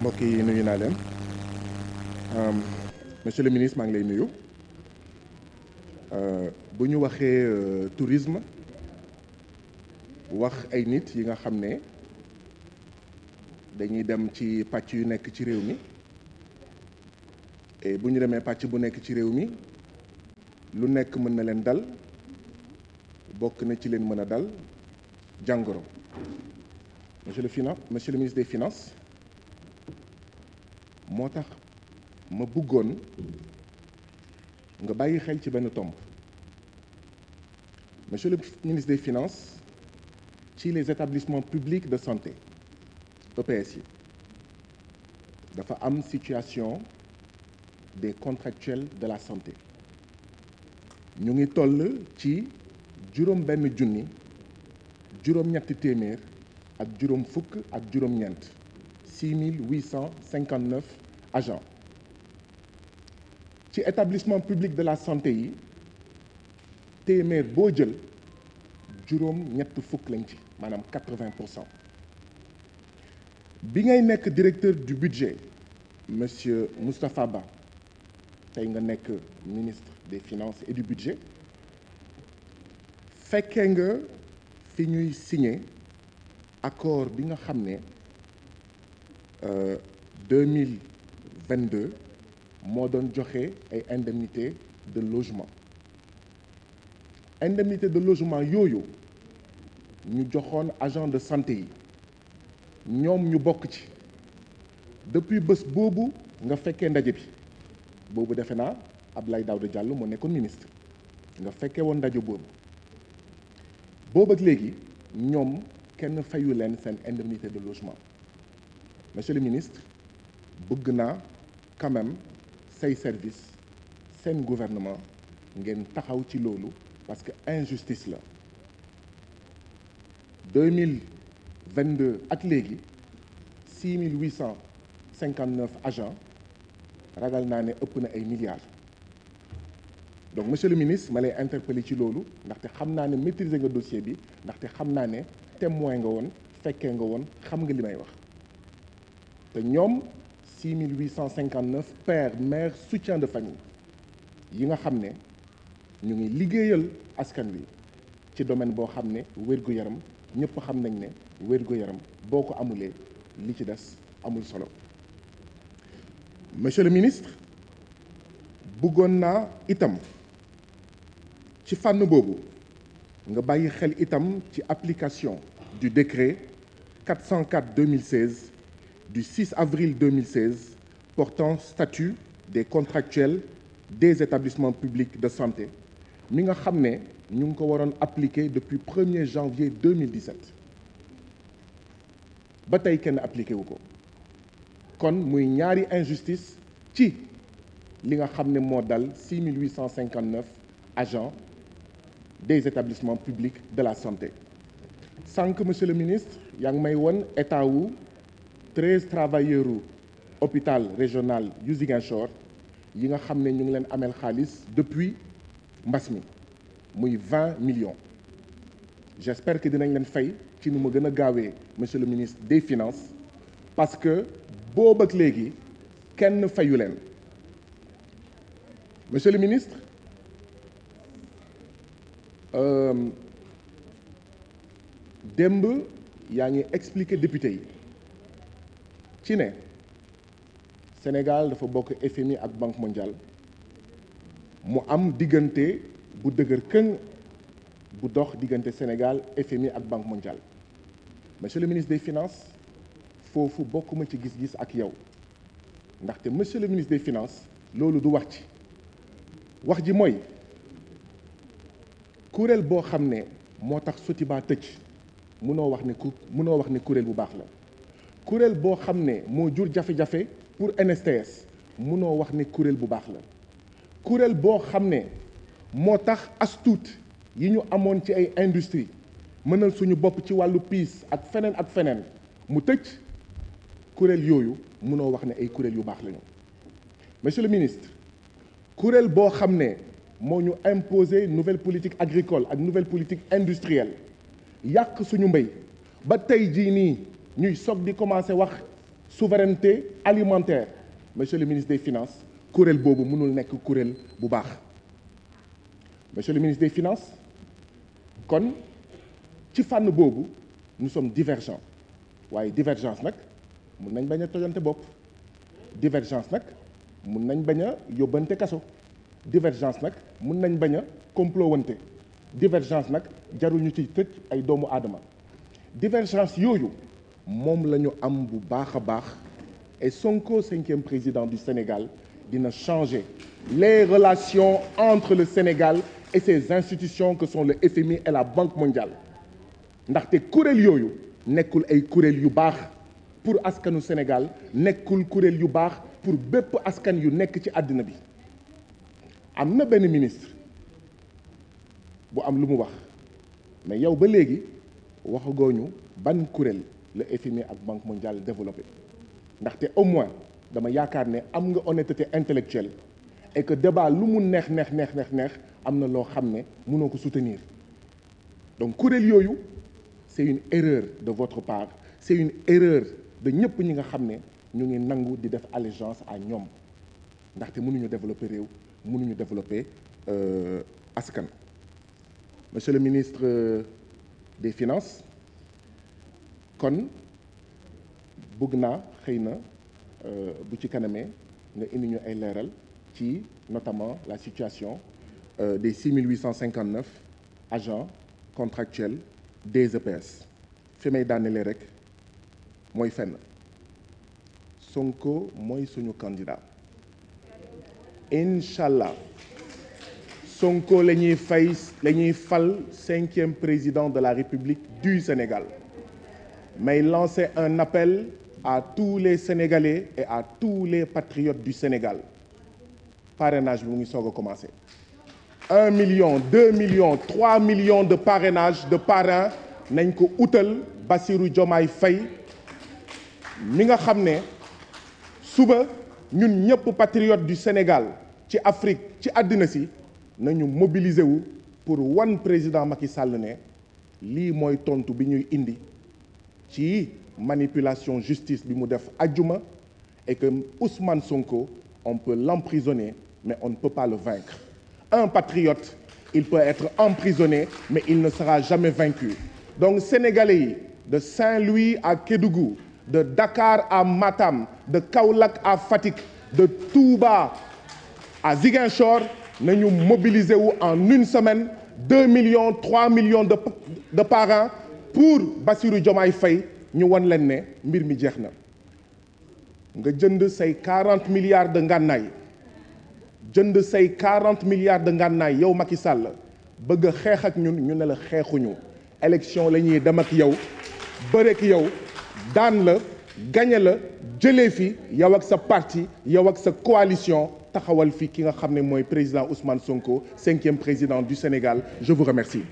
mbokk yi nuyu naa dem euh, monsieur le ministre maa ngi lay nuyu euh, bu ñu waxee euh, tourisme wax ay nit yi nga xam ne dañuy dem ci pàcc yu nekk ci réew mi bu ñu demee pàcc bu nekk ci réew mi lu nekk mën na leen dal bokk na ci leen mën a dal jàngoro monsieur le finance monsieur le ministre des finances moo tax ma bëggoon nga bàyyi xel ci benn tomb monsieur le ministre des finances ci les établissements publics de santé EPS yi dafa am situation de contractuels de la santé ñu ngi toll ci juróom benn junni juróom ñetti téeméer ak juróom fukk ak juróom ñeent 6859 agents ci établissement public de la santé yi téeméer boo jël juróom ñett fukk lañ ci maanaam 80 pour cent bi ngay nekk directeur du budget monsieur Moustapha Ba tey nga nekk ministre des finances et du budget fekkee nga fi ñuy signé accord bi nga xam ne deux mille vingt deux moo doon joxe ay indemnité de logement indemnité de logement yooyu ñu joxoon agent de santé yi ñoom ñu bokk ci depuis bés boobu nga fekkee ndaje bi boobu defe naa Abdoulaye Daouda jàll moo nekkoon ministre nga fekkee woon ndaje boobu boobu léegi ñoom kenn fayu leen seen indemnité de logement monsieur le ministre bëgg naa quand même say service seen gouvernement ngeen taxaw ci loolu parce que injustice la 2022 ak léegi 6859 agents ragal naa ne ëpp na ay milliards donc monsieur le ministre ma lay interpeller ci loolu ndaxte xam naa ne maîtriser nga dossier bi ndaxte xam naa ne témoin nga woon fekkee nga woon xam nga li may wax te ñoom 6859 pères mères soutien de famille yi nga xam ne ñu ngi liggéeyal askan wi ci domaine boo xam ne wér yaram ñëpp xam nañ ne wér yaram boo ko amulee li ci des amul solo monsieur le ministre bëggoon naa itam ci fànn boobu nga bàyyi xel itam ci application du décret 404 2016 du 6 avril 2016 portant statut des contractuels des établissements publics de santé mi nga xam ne ñu ngi ko waroon appliquer depuis 1er janvier 2017 ba tey kenn appliqué wu ko kon muy ñaari injustice ci li nga xam ne moo dal 6859 agents des établissements publics de la santé sànq monsieur le ministre yaa ngi may won état wu treize travailleurs hôpital régional yu Ziguinchor yi nga xam ne ñu ngi leen ameel xaalis depuis mbas mi muy vingt millions j'espère que dinañ leen fay ci nu ma gën a gaawee monsieur le ministre des finances parce que boobu ak léegi kenn fayu leen monsieur le ministre euh, démb yaa ngi expliquer député yi ci ne Sénégal dafa bokk FMI ak Banque mondiale mu am diggante bu dëgër këng bu dox diggante Sénégal FMI ak Banque mondiale monsieur le ministre des finances foofu bokkuma ci gis-gis ak yow ndaxte monsieur le ministre des finances loolu du wax ci wax ji mooy kuréel boo xam ne moo tax Sotiba tëj munoo wax ne ku munoo wax ne kuréel bu baax la. kuréel boo xam ne moo jur jafe-jafe pour NSTS munoo wax ne kuréel bu baax la kuréel boo xam ne moo tax as yi ñu amoon ci ay industrie mënal suñu bopp ci wàllu piis ak feneen ak feneen mu tëj kuréel yooyu munoo wax ne ay kuréel yu baax lañu monsieur le ministre kuréel boo xam ne moo ñu imposer nouvelle politique agricole ak nouvelle politique industrielle yàq suñu mbéy ba tey jii nii ñuy soog di commencer wax souveraineté alimentaire monsieur le ministre des finances kuréel boobu mënul nekk kuréel bu baax monsieur le ministre des finances kon ci fànn boobu ñu sommes divergents waaye divergence nag mun nañ bañ a tojante bopp divergence nag mun nañ bañ a yóbbante kaso divergence nag mun nañ bañ a complowante divergence nag jarul ñu ci tëj ay doomu aadama divergence yooyu moom la ñu am bu baax a baax et Sonko cinquième président du Sénégal dina changer les relations entre le Sénégal et ses institutions que sont le FMI et la Banque mondiale ndaxte kuréel yooyu nekkul ay kuréel yu baax pour askanu Sénégal nekkul kuréel yu baax pour bépp askan yu nekk ci àddina bi am na benn ministre bu am lu mu wax mais yow ba léegi waxagoo ñu ban kuréel. le FMI ak Banque mondiale développé ndaxte au moins dama yaakaar ne am nga honnêteté intellectuelle et que débat lu mu neex neex neex neex neex am na loo xam ne mënoo ko soutenir donc kuréel yooyu c'est une erreur de votre part c'est une erreur de ñëpp ñi nga xam ne ñu ngi nangu di def allégeance à ñoom ndaxte mënuñu développer réew mënuñu développer euh, askan monsieur le ministre euh, des finances kon bëgg naa xëy na euh, bu ci kanamee nga indi ñu ay leeral ci notamment la situation euh, des 6859 agents contractuels des EPS fi may daanelee rek mooy fenn Sonko mooy suñu candidat incha allah Sonko la ñuy fay la ñuy fal cinquième président de la République du Sénégal mais lancer un appel à tous les Sénégalais et à tous les patriotes du Sénégal parrainage bi mu ngi soog a commencer un million deux millions trois millions de parrainage de parrain nañ ko utal basiru Diomaye Faye mi nga xam ne suba ñun ñëpp patriote du Sénégal ci Afrique ci àddina si nañu mobiliser wu pour wan président Macky Sall ne lii mooy tontu bi ñuy indi ci manipulation justice bi mu def ajuma et que Ousmane Sonko on peut l'emprisonner mais on ne peut pas le vaincre un patriote il peut être emprisonné mais il ne sera jamais vaincu donc sénégalais de Saint-Louis à Kédougou de Dakar à Matam de Kaolack à Fatick de Touba à Ziguinchor nañu mobiliser wu en une semaine deux millions trois millions de de pour Bassirou Diomaye fay ñu wan leen ne mbir mi jeex na nga jënd say 40 milliards de ngànnaay jënd say 40 milliards de ngànnaay yow Macky Sall bëgg a xeex ak ñun ñu ne la xeexuñu élection lañuy dem ak yow bëreek yow daan la gañe la jëlee fi yow ak sa parti yow ak sa coalition taxawal fi ki nga xam ne mooy président Ousmane Sonko cinquième président du Sénégal je vous remercie